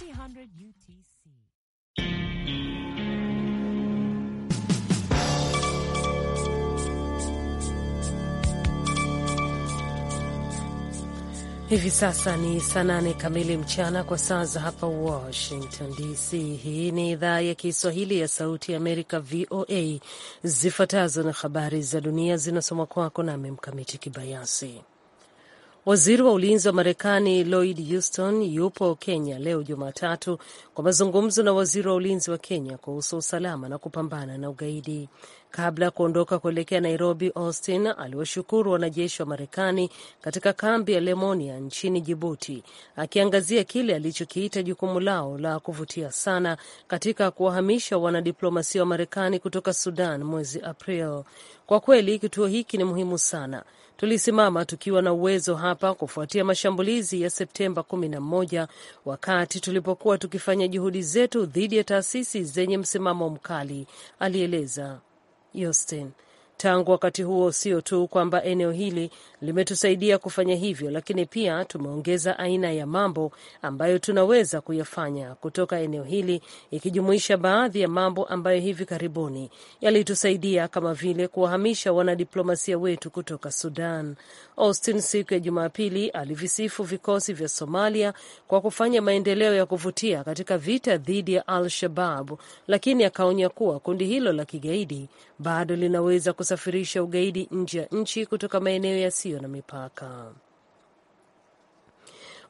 1500 UTC. Hivi sasa ni saa nane kamili mchana kwa saa za hapa Washington DC. Hii ni idhaa ya Kiswahili ya Sauti ya Amerika, VOA. Zifuatazo na habari za dunia zinasoma kwako nami Mkamiti Kibayasi. Waziri wa ulinzi wa Marekani Lloyd houston yupo Kenya leo Jumatatu kwa mazungumzo na waziri wa ulinzi wa Kenya kuhusu usalama na kupambana na ugaidi. Kabla ya kuondoka kuelekea Nairobi, Austin aliwashukuru wanajeshi wa Marekani katika kambi ya Lemonia nchini Jibuti, akiangazia kile alichokiita jukumu lao la kuvutia sana katika kuwahamisha wanadiplomasia wa Marekani kutoka Sudan mwezi April. Kwa kweli kituo hiki ni muhimu sana. Tulisimama tukiwa na uwezo hapa kufuatia mashambulizi ya Septemba 11 wakati tulipokuwa tukifanya juhudi zetu dhidi ya taasisi zenye msimamo mkali, alieleza. Yostin. Tangu wakati huo, sio tu kwamba eneo hili limetusaidia kufanya hivyo, lakini pia tumeongeza aina ya mambo ambayo tunaweza kuyafanya kutoka eneo hili, ikijumuisha baadhi ya mambo ambayo hivi karibuni yalitusaidia kama vile kuwahamisha wanadiplomasia wetu kutoka Sudan. Austin siku ya Jumapili alivisifu vikosi vya Somalia kwa kufanya maendeleo ya kuvutia katika vita dhidi ya Al shababu lakini akaonya kuwa kundi hilo la kigaidi bado linaweza kusafirisha ugaidi nje ya nchi kutoka maeneo yasiyo na mipaka.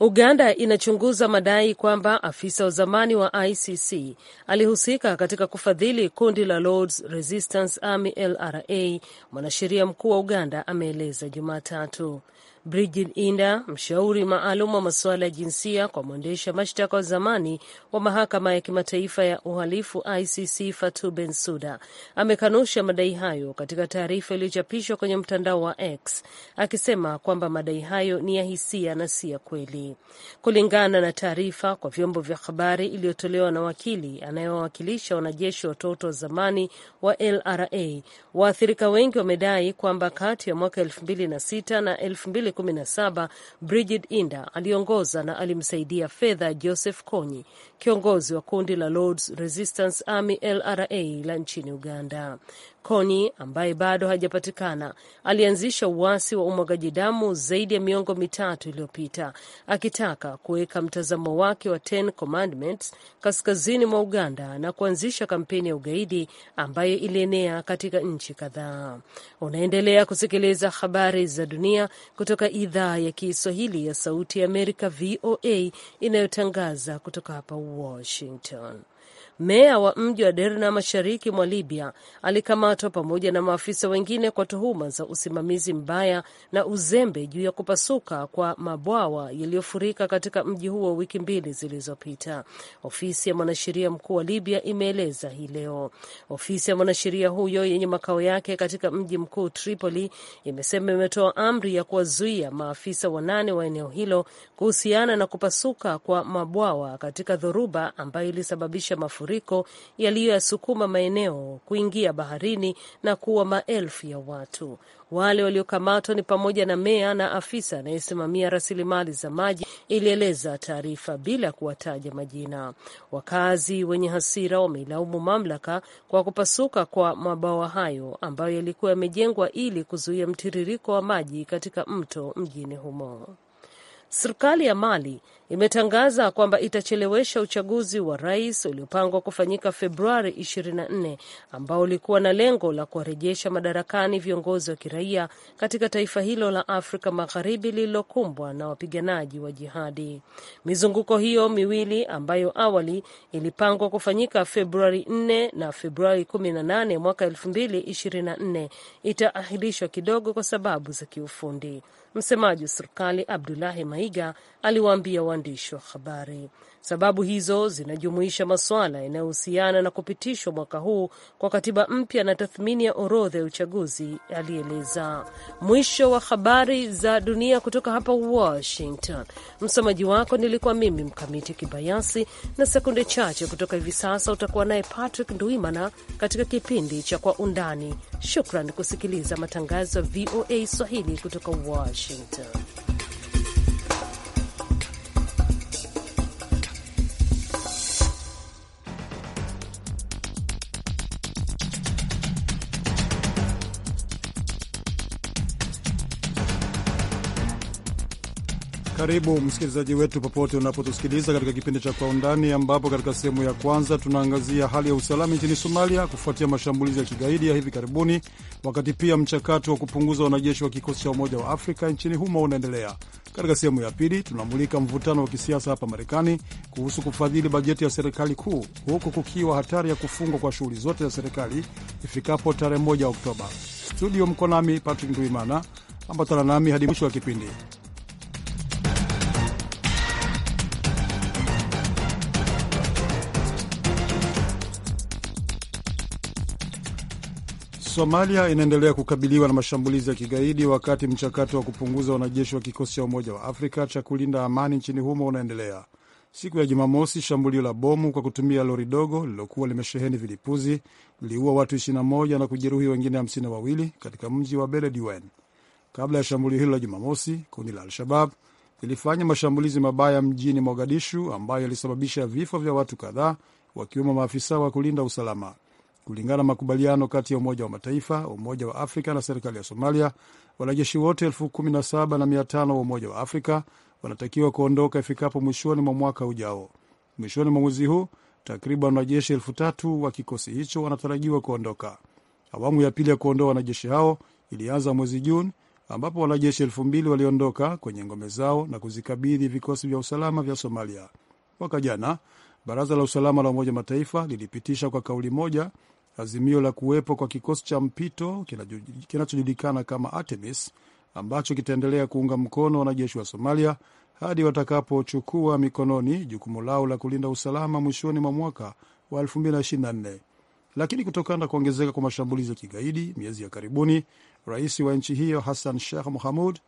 Uganda inachunguza madai kwamba afisa wa zamani wa ICC alihusika katika kufadhili kundi la Lords Resistance Army LRA, mwanasheria mkuu wa Uganda ameeleza Jumatatu. Brigid Inda, mshauri maalum wa masuala ya jinsia kwa mwendesha mashtaka wa zamani wa mahakama ya kimataifa ya uhalifu ICC Fatou Bensouda, amekanusha madai hayo katika taarifa iliyochapishwa kwenye mtandao wa X akisema kwamba madai hayo ni ya hisia na si ya kweli. Kulingana na taarifa kwa vyombo vya habari iliyotolewa na wakili anayewawakilisha wanajeshi watoto wa zamani wa LRA, waathirika wengi wamedai kwamba kati ya mwaka 2006 na shule 17 Brigid Inda aliongoza na alimsaidia fedha Joseph Konyi, kiongozi wa kundi la Lords Resistance Army LRA la nchini Uganda. Kony ambaye bado hajapatikana alianzisha uasi wa umwagaji damu zaidi ya miongo mitatu iliyopita akitaka kuweka mtazamo wake wa Ten Commandments kaskazini mwa Uganda na kuanzisha kampeni ya ugaidi ambayo ilienea katika nchi kadhaa. Unaendelea kusikiliza habari za dunia kutoka idhaa ya Kiswahili ya Sauti ya Amerika, VOA, inayotangaza kutoka hapa Washington. Meya wa mji wa Derna mashariki mwa Libya alikamatwa pamoja na maafisa wengine kwa tuhuma za usimamizi mbaya na uzembe juu ya kupasuka kwa mabwawa yaliyofurika katika mji huo wiki mbili zilizopita, ofisi ya mwanasheria mkuu wa Libya imeeleza hii leo. Ofisi ya mwanasheria huyo yenye makao yake katika mji mkuu Tripoli imesema imetoa amri ya kuwazuia maafisa wanane wa eneo hilo kuhusiana na kupasuka kwa mabwawa katika dhoruba ambayo ilisababisha mafuriko mafuriko yaliyoyasukuma maeneo kuingia baharini na kuwa maelfu ya watu. Wale waliokamatwa ni pamoja na meya na afisa anayesimamia rasilimali za maji, ilieleza taarifa bila kuwataja majina. Wakazi wenye hasira wameilaumu mamlaka kwa kupasuka kwa mabawa hayo ambayo yalikuwa yamejengwa ili kuzuia mtiririko wa maji katika mto mjini humo. Serikali ya Mali imetangaza kwamba itachelewesha uchaguzi wa rais uliopangwa kufanyika Februari 24 ambao ulikuwa na lengo la kuwarejesha madarakani viongozi wa kiraia katika taifa hilo la Afrika Magharibi lililokumbwa na wapiganaji wa jihadi. Mizunguko hiyo miwili ambayo awali ilipangwa kufanyika Februari 4 na Februari 18 mwaka 2024 itaahirishwa kidogo kwa sababu za kiufundi. Msemaji wa serikali Abdulahi Maiga aliwaambia waandishi wa habari. Sababu hizo zinajumuisha masuala yanayohusiana na kupitishwa mwaka huu kwa katiba mpya na tathmini ya orodha ya uchaguzi, alieleza. Mwisho wa habari za dunia kutoka hapa Washington. Msomaji wako nilikuwa mimi Mkamiti Kibayasi, na sekunde chache kutoka hivi sasa utakuwa naye Patrick Nduimana katika kipindi cha Kwa Undani. Shukran kusikiliza matangazo ya VOA Swahili kutoka Washington. Karibu msikilizaji wetu popote unapotusikiliza katika kipindi cha Kwa Undani, ambapo katika sehemu ya kwanza tunaangazia hali ya usalama nchini Somalia kufuatia mashambulizi ya kigaidi ya hivi karibuni, wakati pia mchakato wa kupunguza wanajeshi wa kikosi cha Umoja wa Afrika nchini humo unaendelea. Katika sehemu ya pili tunamulika mvutano wa kisiasa hapa Marekani kuhusu kufadhili bajeti ya serikali kuu, huku kukiwa hatari ya kufungwa kwa shughuli zote za serikali ifikapo tarehe 1 Oktoba. Studio mko nami Patrick Nduimana, ambatana nami hadi mwisho wa kipindi. Somalia inaendelea kukabiliwa na mashambulizi ya kigaidi wakati mchakato wa kupunguza wanajeshi wa kikosi cha Umoja wa Afrika cha kulinda amani nchini humo unaendelea. Siku ya Jumamosi, shambulio la bomu kwa kutumia lori dogo lililokuwa limesheheni vilipuzi liliua watu 21 na kujeruhi wengine 52 katika mji wa Beledweyne. Kabla ya shambulio hilo la Jumamosi, kundi la Al-Shabab lilifanya mashambulizi mabaya mjini Mogadishu ambayo yalisababisha vifo vya watu kadhaa, wakiwemo maafisa wa kulinda usalama. Kulingana na makubaliano kati ya Umoja wa Mataifa, Umoja wa Afrika na serikali ya Somalia, wanajeshi wote elfu kumi na saba na mia tano wa Umoja wa Afrika wanatakiwa kuondoka ifikapo mwishoni mwa mwaka ujao. Mwishoni mwa mwezi huu takriban wanajeshi elfu tatu wa kikosi hicho wanatarajiwa kuondoka. Awamu ya pili ya kuondoa wanajeshi hao ilianza mwezi Juni, ambapo wanajeshi elfu mbili waliondoka kwenye ngome zao na kuzikabidhi vikosi vya usalama vya Somalia. Mwaka jana baraza la usalama la Umoja Mataifa lilipitisha kwa kauli moja Azimio la kuwepo kwa kikosi cha mpito kinachojulikana kama Artemis ambacho kitaendelea kuunga mkono wanajeshi wa Somalia hadi watakapochukua mikononi jukumu lao la kulinda usalama mwishoni mwa mwaka wa 2024. Lakini kutokana na kuongezeka kwa mashambulizi ya kigaidi miezi ya karibuni, rais wa nchi hiyo Hassan Sheikh Mohamud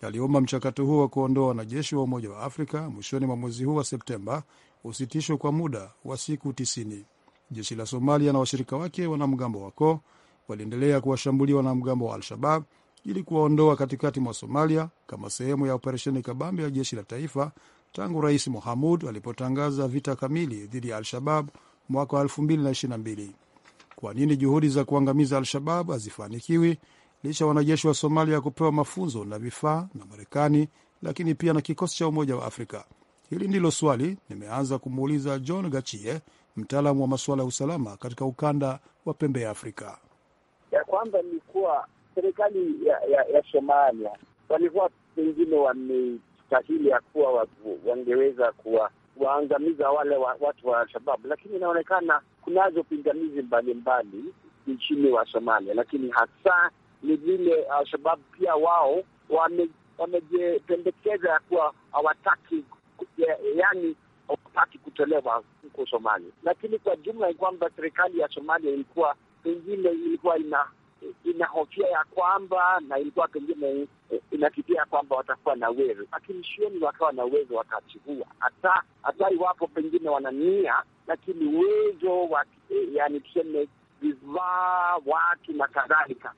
aliomba mchakato huo wa kuondoa wanajeshi wa Umoja wa Afrika mwishoni mwa mwezi huu wa Septemba usitishwe kwa muda wa siku 9 jeshi la Somalia na washirika wake wanamgambo wako waliendelea kuwashambulia wanamgambo wa Al-Shabab ili kuwaondoa katikati mwa Somalia kama sehemu ya operesheni kabambe ya jeshi la taifa tangu Rais Mohamud alipotangaza vita kamili dhidi ya Al-Shabab mwaka wa 2022. Kwa nini juhudi za kuangamiza Al-Shabab hazifanikiwi licha wanajeshi wa Somalia kupewa mafunzo na vifaa na Marekani, lakini pia na kikosi cha Umoja wa Afrika? Hili ndilo swali nimeanza kumuuliza John Gachie, mtaalamu wa masuala ya usalama katika ukanda wa pembe ya Afrika. Ya kwanza ni kuwa serikali ya, ya, ya Somalia walikuwa pengine wamestahili ya kuwa wangeweza kuwa waangamiza wale wa, watu wa Alshababu, lakini inaonekana kunazo pingamizi mbalimbali nchini wa Somalia, lakini hasa ni vile Alshababu pia wao wamejipendekeza wame ya kuwa hawataki yani hawataki kutolewa huko Somalia. Lakini kwa jumla ni kwamba serikali ya Somalia ilikuwa pengine ilikuwa ina inahofia ya kwamba na ilikuwa pengine inakitia ya kwamba watakuwa na uwezo, lakini sioni wakawa na uwezo wakachukua, hata hata iwapo pengine wanania, lakini uwezo wa yani tuseme vifaa, watu na kadhalika,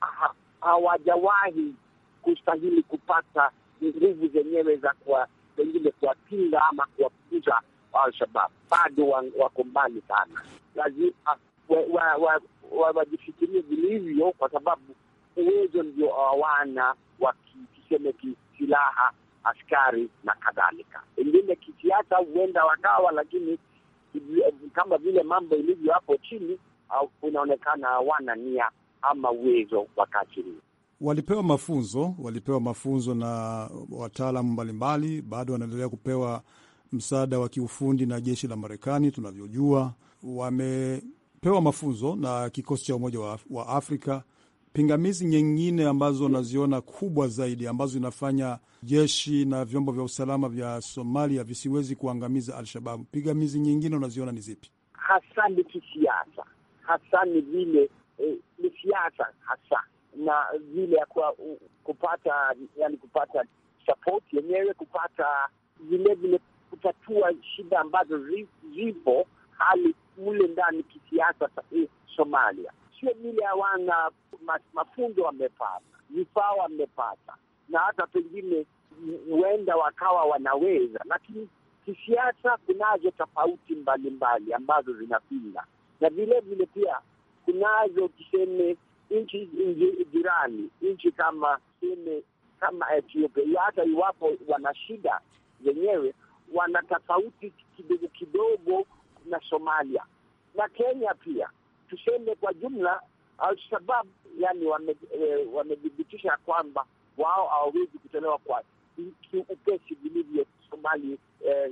hawajawahi kustahili kupata nguvu zenyewe za kuwa pengine kuwapinga ama kuwapuza Al-Shabab bado wako mbali sana, lazima wajifikirie vilivyo, kwa sababu uwezo ndio hawana wa tuseme kisilaha, askari na kadhalika. Pengine kisiasa huenda wakawa, lakini kama vile mambo ilivyo hapo chini, unaonekana hawana nia ama uwezo wakati huu walipewa mafunzo walipewa mafunzo na wataalamu mbalimbali, bado wanaendelea kupewa msaada wa kiufundi na jeshi la Marekani. Tunavyojua wamepewa mafunzo na kikosi cha Umoja wa Afrika. Pingamizi nyingine ambazo naziona kubwa zaidi ambazo inafanya jeshi na vyombo vya usalama vya Somalia visiwezi kuangamiza Alshababu, pingamizi nyingine unaziona ni zipi? Hasa ni kisiasa, hasa ni vile eh, ni siasa hasa na vile ya kwa, kupata yani kupata sapoti yenyewe kupata vilevile kutatua shida ambazo zipo hali mule ndani kisiasa eh, Somalia. Sio vile hawana mafunzo wamepata, vifaa wamepata, na hata pengine huenda wakawa wanaweza, lakini kisiasa kunazo tofauti mbalimbali ambazo zinapinga, na vilevile pia kunazo tuseme nchi jirani, nchi kama tuseme kama Ethiopia, hata iwapo wana shida zenyewe wana tofauti kidogo kidogo na Somalia na Kenya pia. Tuseme kwa jumla, Al-Shabab yani e, wamethibitisha wame kwamba wao hawawezi kutolewa kwa upesi vilivyo Somali. Eh,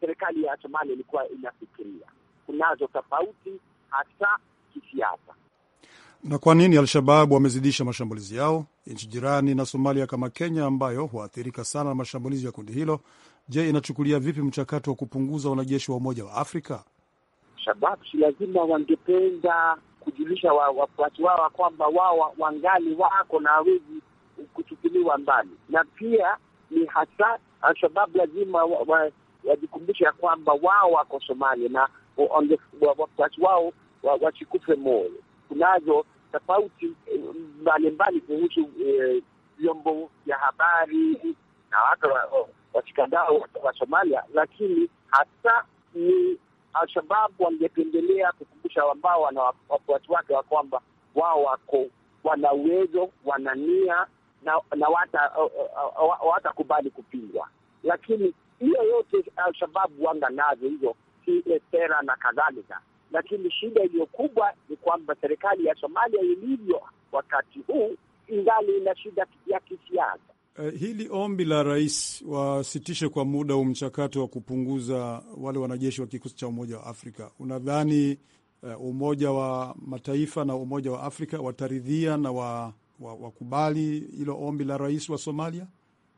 serikali ya Somalia ilikuwa inafikiria kunazo tofauti hasa kisiasa. Na kwa nini Al-Shabab wamezidisha mashambulizi yao nchi jirani na Somalia kama Kenya, ambayo huathirika sana na mashambulizi ya kundi hilo Je, inachukulia vipi mchakato wa kupunguza wanajeshi wa Umoja wa Afrika? Shababu si lazima wangependa kujulisha wafuasi wao kwamba wao wangali wako na hawezi kuchukuliwa mbali, na pia ni hasa Alshababu lazima wa, ya kwamba wao wako Somalia na wafuasi wao wasikufe moyo. Kunazo tofauti eh, mbalimbali kuhusu eh, vyombo vya habari na watu washikadau wa Somalia, lakini hata ni al wangependelea kukumbusha ambao wana wafuasi wake wa kwamba wao wako wana uwezo, wana nia na, na watakubali kupingwa. Lakini hiyo yote Al-Shababu wanga nazo hizo ile sera na kadhalika, lakini shida iliyo kubwa ni kwamba serikali ya Somalia ilivyo wakati huu ingali ina shida ya kisiasa. Eh, hili ombi la rais wasitishe kwa muda huu mchakato wa kupunguza wale wanajeshi wa kikosi cha Umoja wa Afrika, unadhani uh, Umoja wa Mataifa na Umoja wa Afrika wataridhia na wakubali wa, wa hilo ombi la rais wa Somalia?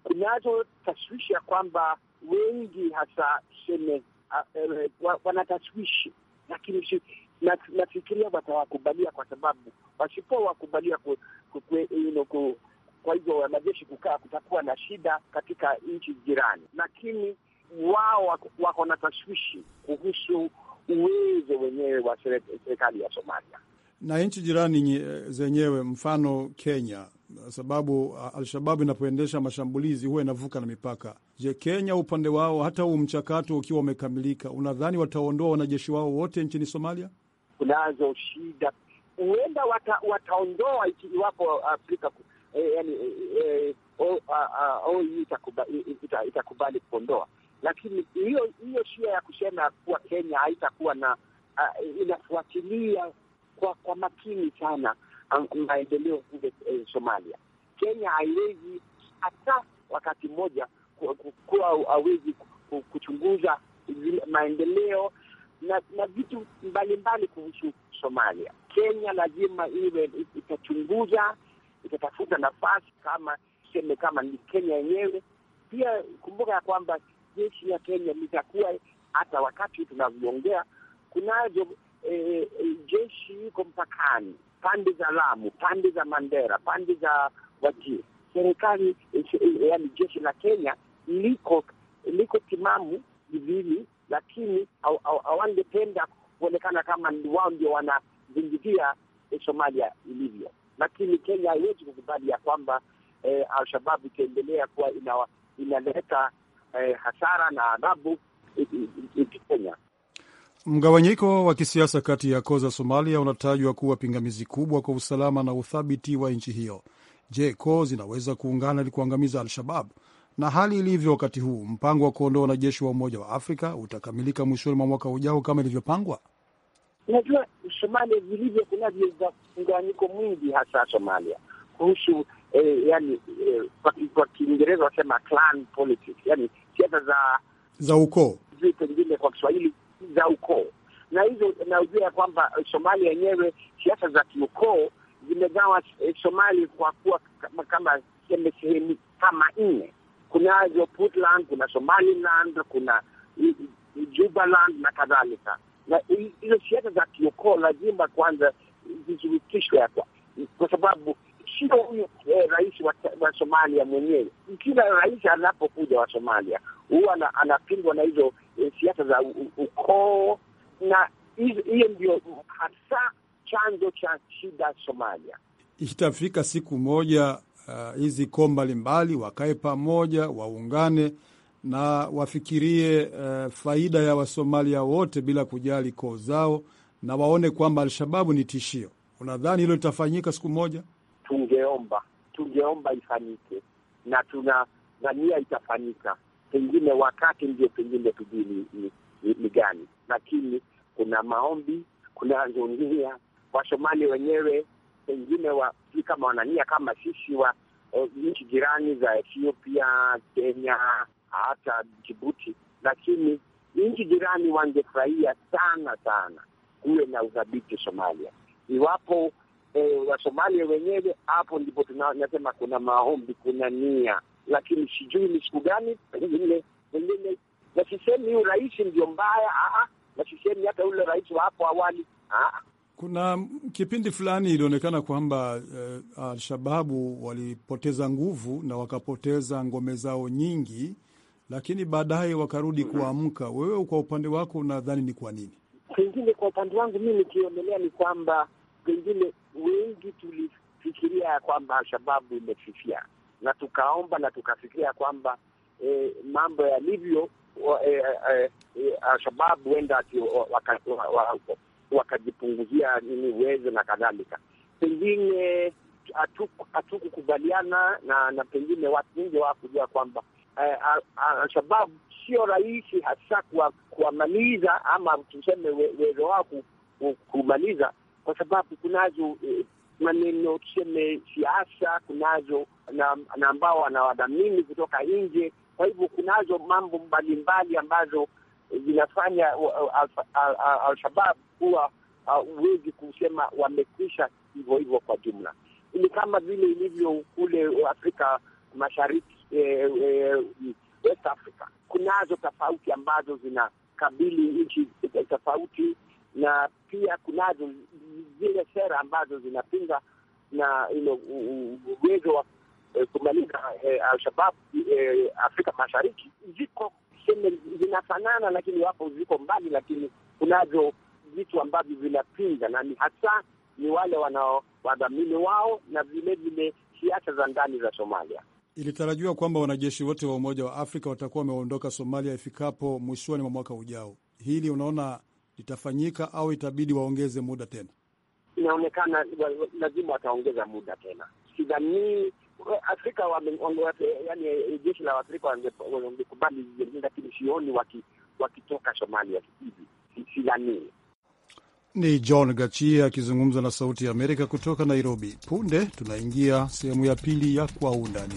Kunazo tashwishi ya kwamba wengi hasa seme ah, eh, wana lakini nafikiria watawakubalia kwa sababu wasipowakubalia kwa hivyo wanajeshi kukaa, kutakuwa na shida katika nchi jirani, lakini wao wako na tashwishi kuhusu uwezo wenyewe wa serikali ya Somalia na nchi jirani zenyewe, mfano Kenya, sababu Alshababu inapoendesha mashambulizi huwa inavuka na mipaka. Je, Kenya upande wao, hata huu mchakato ukiwa umekamilika, unadhani wataondoa wanajeshi wao wote nchini Somalia? Kunazo shida, huenda wata, wataondoa iwapo Afrika yani itakubali kuondoa, lakini hiyo hiyo shia ya kusema kuwa Kenya haitakuwa na ah, inafuatilia kwa kwa makini sana maendeleo kule eh, Somalia. Kenya haiwezi hata wakati mmoja kuwa hawezi kuchunguza maendeleo na na vitu mbalimbali kuhusu Somalia. Kenya lazima iwe itachunguza itatafuta nafasi kama tuseme, kama ni Kenya yenyewe. Pia kumbuka ya kwamba jeshi ya Kenya litakuwa hata wakati tunavyoongea, kunazo e, jeshi iko mpakani pande za Lamu, pande za Mandera, pande za Wajir. Serikali yaani jeshi la Kenya liko liko timamu vivili, lakini hawangependa au, au, kuonekana kama wao ndio wanazingitia eh, Somalia ilivyo lakini Kenya haiwezi kukubali ya kwamba eh, Alshabab ikiendelea kuwa ina, inaleta eh, hasara na adhabu nchi Kenya. Mgawanyiko wa kisiasa kati ya koo za Somalia unatajwa kuwa pingamizi kubwa kwa usalama na uthabiti wa nchi hiyo. Je, koo zinaweza kuungana ili kuangamiza Al-Shabab? Na hali ilivyo wakati huu, mpango wa kuondoa wanajeshi wa Umoja wa Afrika utakamilika mwishoni mwa mwaka ujao kama ilivyopangwa? Unajua, Somalia vilivyo, kunavyo mgawanyiko mwingi, hasa Somalia kuhusu eh, yani eh, kwa Kiingereza wasema clan politics, yani siasa za za ukoo, pengine kwa Kiswahili za ukoo, na hizo naujua ya kwamba eh, Somalia yenyewe siasa za kiukoo zimegawa eh, Somalia kwa kuwa kama, kama seme sehemu kama nne. Kunazo Puntland, kuna Somaliland, kuna eh, Jubaland na kadhalika na hizo siasa za kiukoo lazima kwanza zishurutishwe hapa, kwa sababu sio huyu eh, rais wa, wa Somalia mwenyewe. Kila rais anapokuja wa Somalia huwa anapingwa na hizo eh, siasa za ukoo, na hiyo ndio hasa chanzo cha shida Somalia. Itafika siku moja ah, hizi uh, koo mbalimbali wakae pamoja, waungane na wafikirie uh, faida ya Wasomalia wote bila kujali koo zao, na waone kwamba Alshababu ni tishio. Unadhani hilo litafanyika siku moja? Tungeomba, tungeomba ifanyike na tunadhania itafanyika. Pengine wakati ndio pengine tujui ni, ni, ni, ni gani, lakini kuna maombi, kuna zonia Wasomali wenyewe pengine wa, si kama wanania kama sisi wa eh, nchi jirani za Ethiopia, Kenya, hata Jibuti, lakini nchi jirani wangefurahia sana sana kuwe na udhabiti Somalia. Iwapo e, eh, Wasomalia wenyewe, hapo ndipo tunasema kuna maombi, kuna nia, lakini sijui ni siku gani, pengine pengine, na sisemi huyu rais ndio mbaya, ah, ah, na sisemi hata ule rais wa hapo awali aha. Ah. Kuna kipindi fulani ilionekana kwamba eh, Alshababu walipoteza nguvu na wakapoteza ngome zao nyingi lakini baadaye wakarudi mhm. kuamka. Wewe kwa upande wako unadhani ni kwa nini? Pengine kwa upande wangu mii nikionelea ni kwamba pengine wengi tulifikiria ya kwamba Alshababu imefifia na tukaomba na tukafikiria kwamba e, mambo yalivyo e, e, e, Alshababu huenda wakajipunguzia waka, waka nini uwezo na kadhalika. Pengine hatukukubaliana na, na pengine watu wengi hawakujua kwamba Eh, Alshababu sio rahisi hasa kuwamaliza ama tuseme uwezo wao kumaliza, kwa sababu kunazo eh, maneno tuseme siasa, kunazo na, na ambao wanawadhamini kutoka nje. Kwa hivyo kunazo mambo mbalimbali ambazo zinafanya Al-Shabab kuwa ah, huwezi uh, kusema wamekwisha hivyo hivyo. Kwa jumla ni kama vile ilivyo kule Afrika Mashariki eh, eh, West Africa. Kunazo tofauti ambazo zinakabili nchi tofauti, na pia kunazo zile sera ambazo zinapinga na uwezo wa eh, kumaliza eh, Alshabab eh, Afrika Mashariki ziko seme zinafanana, lakini wapo ziko mbali, lakini kunazo vitu ambavyo vinapinga, na ni hasa ni wale wanao wadhamini wao na vilevile siasa za ndani za Somalia. Ilitarajiwa kwamba wanajeshi wote wa Umoja wa Afrika watakuwa wameondoka Somalia ifikapo mwishoni mwa mwaka ujao. Hili unaona litafanyika au itabidi waongeze muda tena? Inaonekana lazima wataongeza muda tena. Sidhani Afrika yani, jeshi la Afrika wangekubali, lakini sioni wakitoka Somalia hivi, sidhani ni John gachie akizungumza na Sauti ya Amerika kutoka Nairobi. Punde tunaingia sehemu ya pili ya Kwa Undani.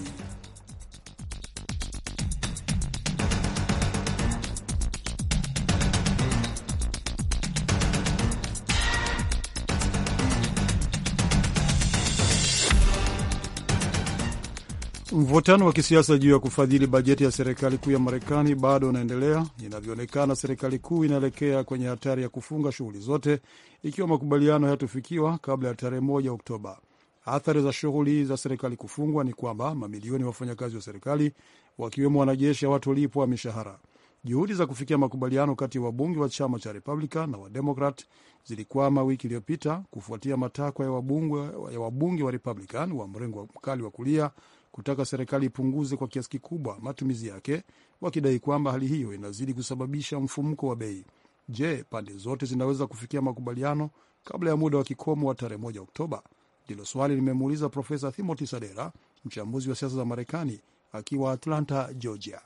Mvutano wa kisiasa juu ya kufadhili bajeti ya serikali kuu ya Marekani bado unaendelea. Inavyoonekana, serikali kuu inaelekea kwenye hatari ya kufunga shughuli zote ikiwa makubaliano hayatofikiwa kabla ya tarehe moja Oktoba. Athari za shughuli za serikali kufungwa ni kwamba mamilioni ya wafanyakazi wa serikali wakiwemo wanajeshi hawatolipwa mishahara. Juhudi za kufikia makubaliano kati ya wabunge wa chama cha Republican na Wademokrat zilikwama wiki iliyopita kufuatia matakwa ya wabunge wa Republican wa mrengo mkali wa kulia kutaka serikali ipunguze kwa kiasi kikubwa matumizi yake, wakidai kwamba hali hiyo inazidi kusababisha mfumuko wa bei. Je, pande zote zinaweza kufikia makubaliano kabla ya muda wa kikomo wa tarehe moja Oktoba? Ndilo swali limemuuliza Profesa Timothy Sadera, mchambuzi wa siasa za Marekani akiwa Atlanta, Georgia.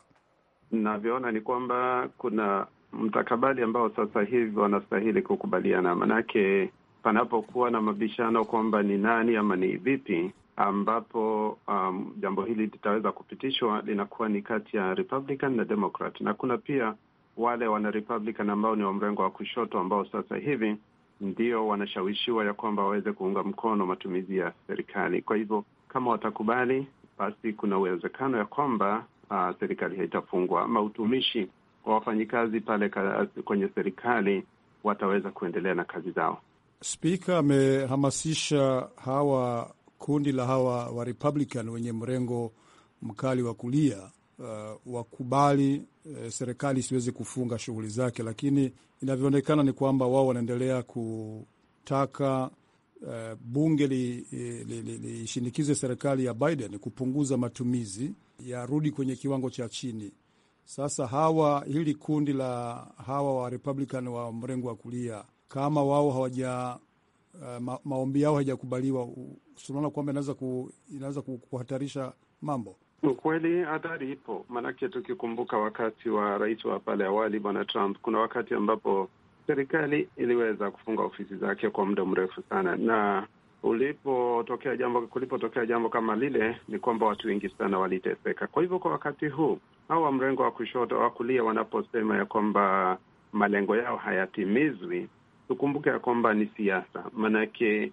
Navyoona ni kwamba kuna mtakabali ambao sasa hivi wanastahili kukubaliana, manake panapokuwa na mabishano kwamba ni nani ama ni vipi, ambapo um, jambo hili litaweza kupitishwa linakuwa ni kati ya Republican na Democrat, na kuna pia wale wana Republican ambao ni wa mrengo wa kushoto ambao sasa hivi ndio wanashawishiwa ya kwamba waweze kuunga mkono matumizi ya serikali. Kwa hivyo kama watakubali, basi kuna uwezekano ya kwamba uh, serikali haitafungwa ama utumishi wa wafanyikazi pale kwenye serikali wataweza kuendelea na kazi zao. Spika amehamasisha hawa kundi la hawa wa Republican wenye mrengo mkali wa kulia uh, wakubali uh, serikali isiweze kufunga shughuli zake, lakini inavyoonekana ni kwamba wao wanaendelea kutaka uh, bunge lishinikize li, li, li serikali ya Biden kupunguza matumizi yarudi kwenye kiwango cha chini. Sasa hawa hili kundi la hawa wa Republican wa mrengo wa kulia kama wao hawaja uh, ma, maombi yao hayajakubaliwa tunaona kwamba inaweza ku, inaweza kuhatarisha mambo. Kweli hatari ipo, maanake tukikumbuka wakati wa rais wa pale awali bwana Trump, kuna wakati ambapo serikali iliweza kufunga ofisi zake kwa muda mrefu sana, na ulipotokea jambo kulipotokea jambo kama lile, ni kwamba watu wengi sana waliteseka. Kwa hivyo kwa wakati huu au wa mrengo wa kushoto wa kulia wanaposema ya kwamba malengo yao hayatimizwi, tukumbuke ya kwamba ni siasa, maanake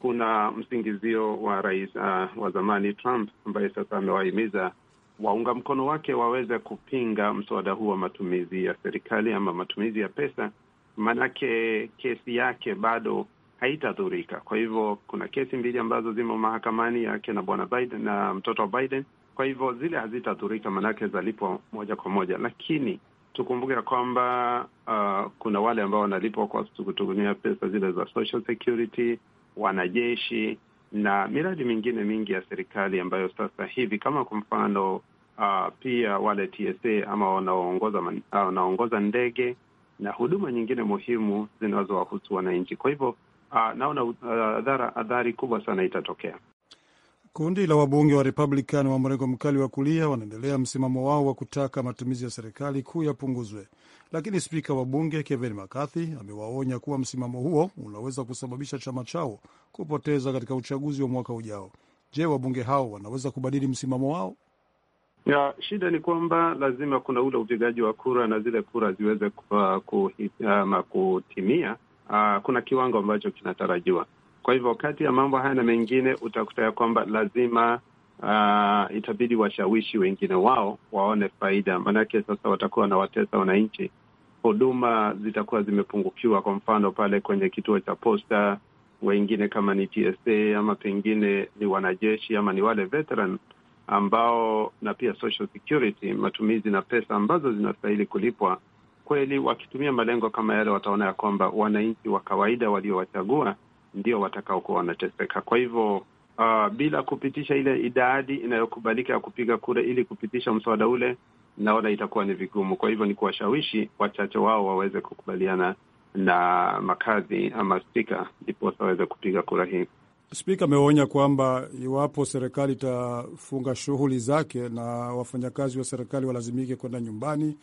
kuna msingizio wa rais uh, wa zamani Trump ambaye sasa amewahimiza waunga mkono wake waweze kupinga mswada huu wa matumizi ya serikali ama matumizi ya pesa, maanake kesi yake bado haitadhurika. Kwa hivyo kuna kesi mbili ambazo zimo mahakamani yake na bwana Biden na mtoto wa Biden. Kwa hivyo zile hazitadhurika, maanake zalipwa moja kwa moja, lakini tukumbuke ya kwamba uh, kuna wale ambao wanalipwa kwa kutumia pesa zile za social security wanajeshi na miradi mingine mingi ya serikali ambayo sasa hivi kama kwa mfano uh, pia wale TSA ama wanaoongoza uh, wanaongoza ndege na huduma nyingine muhimu zinazowahusu wananchi. Kwa hivyo uh, naona uh, adhari kubwa sana itatokea. Kundi la wabunge wa Republican wa mrengo mkali wa kulia wanaendelea msimamo wao wa kutaka matumizi ya serikali kuu yapunguzwe, lakini spika wa bunge Kevin McCarthy amewaonya kuwa msimamo huo unaweza kusababisha chama chao kupoteza katika uchaguzi wa mwaka ujao. Je, wabunge hao wanaweza kubadili msimamo wao? Ya, shida ni kwamba lazima kuna ule upigaji wa kura na zile kura ziweze kutimia. Ah, kuna kiwango ambacho kinatarajiwa kwa hivyo kati ya mambo haya na mengine utakuta ya kwamba lazima uh, itabidi washawishi wengine wao waone faida, maanake sasa watakuwa na watesa wananchi, huduma zitakuwa zimepungukiwa. Kwa mfano pale kwenye kituo cha posta, wengine kama ni TSA ama pengine ni wanajeshi ama ni wale veteran ambao na pia social security, matumizi na pesa ambazo zinastahili kulipwa kweli, wakitumia malengo kama yale, wataona ya kwamba wananchi wa kawaida waliowachagua ndio watakaokuwa wanateseka. Kwa hivyo uh, bila kupitisha ile idadi inayokubalika ya kupiga kura ili kupitisha mswada ule, naona itakuwa ni vigumu. Kwa hivyo ni kuwashawishi wachache wao waweze kukubaliana na makadhi ama spika, ndipo waweze kupiga kura hii. Spika ameonya kwamba iwapo serikali itafunga shughuli zake na wafanyakazi wa serikali walazimike kwenda nyumbani,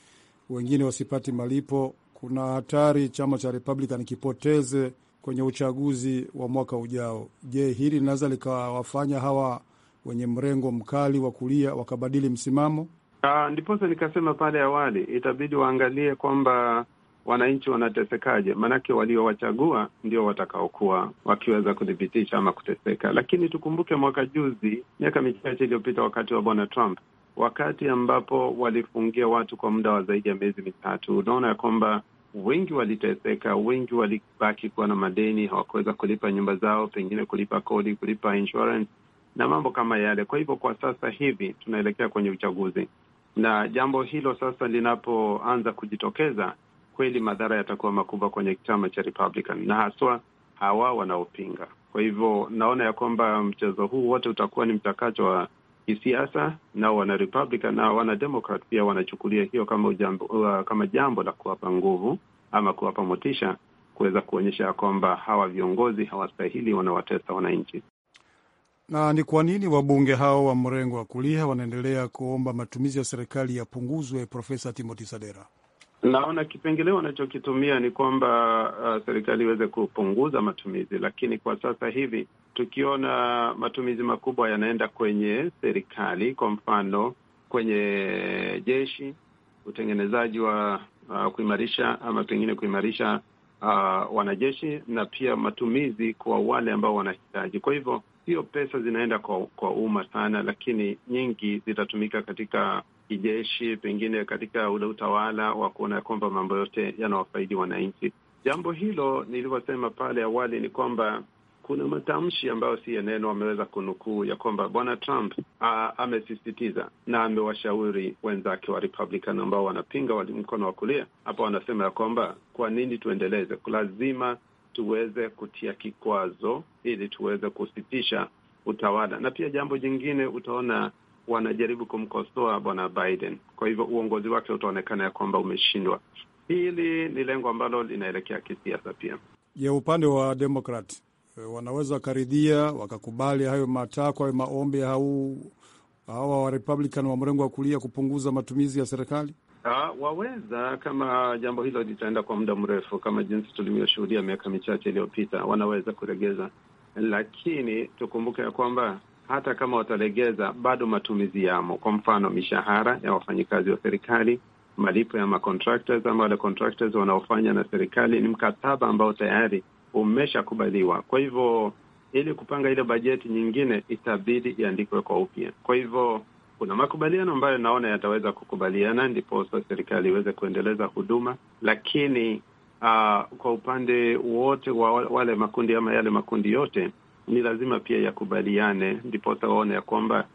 wengine wasipati malipo, kuna hatari chama cha Republican kipoteze kwenye uchaguzi wa mwaka ujao. Je, hili linaweza likawafanya hawa wenye mrengo mkali wa kulia wakabadili msimamo? Uh, ndiposa nikasema pale awali itabidi waangalie kwamba wananchi wanatesekaje, maanake waliowachagua ndio watakaokuwa wakiweza kuthibitisha ama kuteseka. Lakini tukumbuke mwaka juzi, miaka michache iliyopita, wakati wa bwana Trump, wakati ambapo walifungia watu kwa muda wa zaidi ya miezi mitatu, unaona ya kwamba wengi waliteseka, wengi walibaki kuwa na madeni, hawakuweza kulipa nyumba zao, pengine kulipa kodi, kulipa insurance na mambo kama yale. Kwa hivyo kwa sasa hivi tunaelekea kwenye uchaguzi, na jambo hilo sasa linapoanza kujitokeza, kweli madhara yatakuwa makubwa kwenye chama cha Republican na haswa hawa wanaopinga. Kwa hivyo naona ya kwamba mchezo huu wote utakuwa ni mchakato wa kisiasa, nao wana Republican na wana Democrat pia wanachukulia hiyo kama ujambo, uh, kama jambo la kuwapa nguvu ama kuwapa motisha kuweza kuonyesha kwamba hawa viongozi hawastahili, wanawatesa wananchi. Na ni kwa nini wabunge hao wa mrengo wa kulia wanaendelea kuomba matumizi ya serikali yapunguzwe? Profesa Timothy Sadera. Naona kipengele wanachokitumia ni kwamba uh, serikali iweze kupunguza matumizi, lakini kwa sasa hivi tukiona matumizi makubwa yanaenda kwenye serikali, kwa mfano kwenye jeshi, utengenezaji wa uh, kuimarisha ama pengine kuimarisha uh, wanajeshi na pia matumizi kwa wale ambao wanahitaji. Kwa hivyo hiyo pesa zinaenda kwa, kwa umma sana, lakini nyingi zitatumika katika kijeshi, pengine katika ule utawala wa kuona ya kwamba mambo yote yanawafaidi wananchi. Jambo hilo nilivyosema pale awali ni kwamba kuna matamshi ambayo si ya ameweza kunukuu ya kwamba bwana Trump amesisitiza na amewashauri wenzake wa Republican ambao wanapinga mkono wa kulia hapo, wanasema ya kwamba kwa nini tuendeleze, lazima tuweze kutia kikwazo ili tuweze kusitisha utawala. Na pia jambo jingine utaona wanajaribu kumkosoa bwana Biden. Kwa hivyo uongozi wake utaonekana ya kwamba umeshindwa. Hili ni lengo ambalo linaelekea kisiasa pia. Je, upande wa Demokrat e, wanaweza wakaridhia wakakubali hayo matakwa, hayo maombi au hawa Warepublican wa mrengo wa kulia kupunguza matumizi ya serikali? Ha, waweza kama jambo hilo litaenda kwa muda mrefu kama jinsi tulivyoshuhudia miaka michache iliyopita, wanaweza kuregeza, lakini tukumbuke ya kwamba hata kama watalegeza, bado matumizi yamo. Kwa mfano, mishahara ya wafanyikazi wa serikali, malipo ya macontractors ama wale contractors wanaofanya na serikali, ni mkataba ambao tayari umeshakubaliwa. Kwa hivyo ili kupanga ile bajeti nyingine itabidi iandikwe kwa upya. Kwa hivyo kuna makubaliano ambayo naona yataweza kukubaliana, ndiposa serikali iweze kuendeleza huduma, lakini uh, kwa upande wote wa wale makundi ama yale makundi yote ni lazima pia yakubaliane, ndiposa waone ya kwamba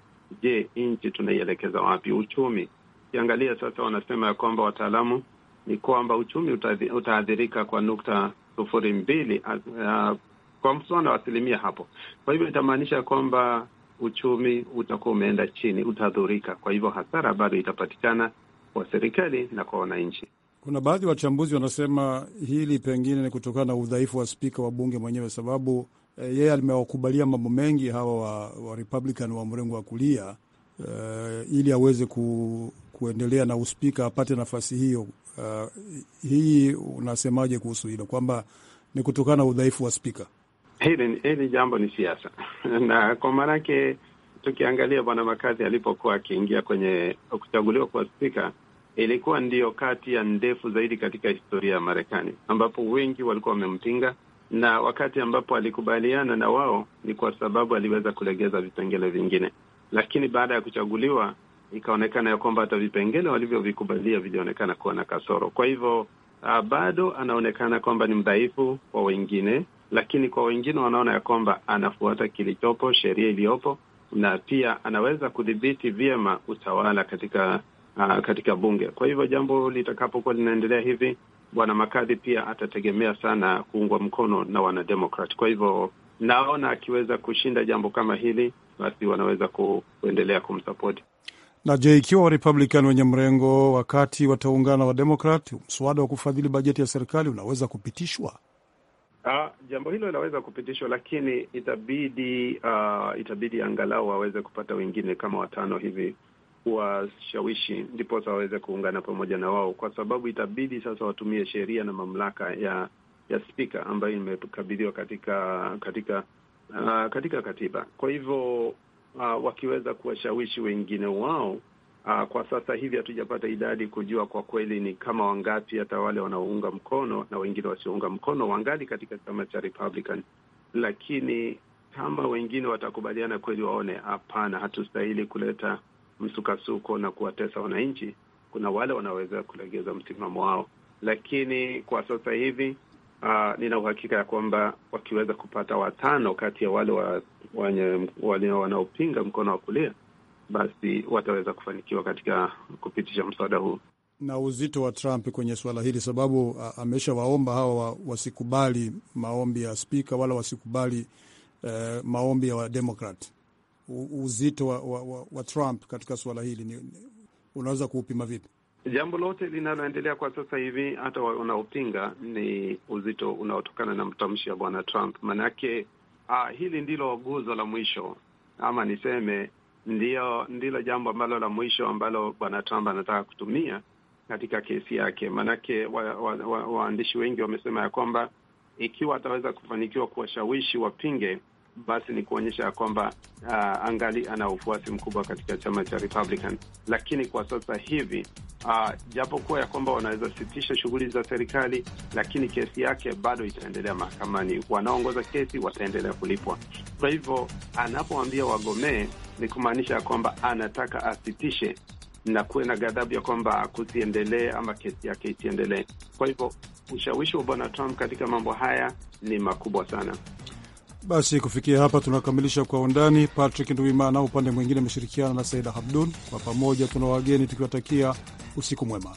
je, nchi tunaielekeza wapi? Uchumi ukiangalia sasa, wanasema ya kwamba wataalamu ni kwamba uchumi utaathirika kwa nukta sufuri mbili uh, kwa mfano wa asilimia hapo. Kwa hivyo itamaanisha kwamba uchumi utakuwa umeenda chini, utadhurika. Kwa hivyo hasara bado itapatikana kwa serikali na kwa wananchi. Kuna baadhi ya wachambuzi wanasema hili pengine ni kutokana na udhaifu wa spika wa bunge mwenyewe, sababu Eh, yeye alimewakubalia mambo mengi hawa wa, wa Republican wa mrengo wa kulia uh, ili aweze ku, kuendelea na uspika apate nafasi hiyo. Uh, hii unasemaje kuhusu hilo kwamba ni kutokana na udhaifu wa spika? Hili, hili jambo ni siasa na kwa maanake, tukiangalia bwana Makazi alipokuwa akiingia kwenye kuchaguliwa kwa spika, ilikuwa ndiyo kati ya ndefu zaidi katika historia ya Marekani, ambapo wengi walikuwa wamempinga na wakati ambapo alikubaliana na wao ni kwa sababu aliweza kulegeza vipengele vingine, lakini baada ya kuchaguliwa ikaonekana ya kwamba hata vipengele walivyovikubalia vilionekana kuwa na kasoro. Kwa hivyo uh, bado anaonekana kwamba ni mdhaifu kwa wengine, lakini kwa wengine wanaona ya kwamba anafuata kilichopo, sheria iliyopo, na pia anaweza kudhibiti vyema utawala katika uh, katika bunge. Kwa hivyo jambo litakapokuwa linaendelea hivi, bwana Makadhi pia atategemea sana kuungwa mkono na wanademokrat. Kwa hivyo naona akiweza kushinda jambo kama hili, basi wanaweza ku, kuendelea kumsapoti. Na je, ikiwa Warepublican wenye mrengo wakati wataungana na Wademokrat, mswada wa kufadhili bajeti ya serikali unaweza kupitishwa? Ah, jambo hilo linaweza kupitishwa, lakini itabidi uh, itabidi angalau waweze kupata wengine kama watano hivi kuwashawishi ndipo waweze kuungana pamoja na wao, kwa sababu itabidi sasa watumie sheria na mamlaka ya ya spika ambayo imekabidhiwa katika katika uh, katika katiba. Kwa hivyo uh, wakiweza kuwashawishi wengine wao uh, kwa sasa hivi hatujapata idadi kujua kwa kweli ni kama wangapi, hata wale wanaounga mkono na wengine wasiounga mkono wangali katika chama cha Republican, lakini kama wengine watakubaliana kweli, waone hapana, hatustahili kuleta msukasuko na kuwatesa wananchi, kuna wale wanaweza kulegeza msimamo wao, lakini kwa sasa hivi uh, nina uhakika ya kwamba wakiweza kupata watano kati ya wale wanaopinga mkono wa kulia, basi wataweza kufanikiwa katika kupitisha mswada huu na uzito wa Trump kwenye suala hili, sababu ameshawaomba hawa wasikubali maombi ya spika wala wasikubali eh, maombi ya Wademokrat uzito wa, wa, wa, wa Trump katika suala hili ni, unaweza kuupima vipi? Jambo lote linaloendelea kwa sasa hivi, hata wanaopinga ni uzito unaotokana na mtamshi wa bwana Trump. Maanake ah, hili ndilo guzo la mwisho ama niseme ndio, ndilo jambo ambalo la mwisho ambalo bwana Trump anataka kutumia katika kesi yake. Maanake waandishi wa, wa, wa wengi wamesema ya kwamba ikiwa ataweza kufanikiwa kuwashawishi wapinge basi ni kuonyesha ya kwamba uh, angali ana ufuasi mkubwa katika chama cha Republican. Lakini kwa sasa hivi uh, japokuwa ya kwamba wanaweza sitisha shughuli za serikali, lakini kesi yake bado itaendelea mahakamani. Wanaoongoza kesi wataendelea kulipwa. Kwa hivyo anapoambia wagomee, ni kumaanisha ya kwamba anataka asitishe na kuwe na ghadhabu ya kwamba kusiendelee ama kesi yake isiendelee. Kwa hivyo ushawishi wa bwana Trump katika mambo haya ni makubwa sana. Basi kufikia hapa tunakamilisha kwa undani. Patrick Nduimana upande mwingine ameshirikiana na Saida Hamdun. Kwa pamoja tuna wageni tukiwatakia usiku mwema.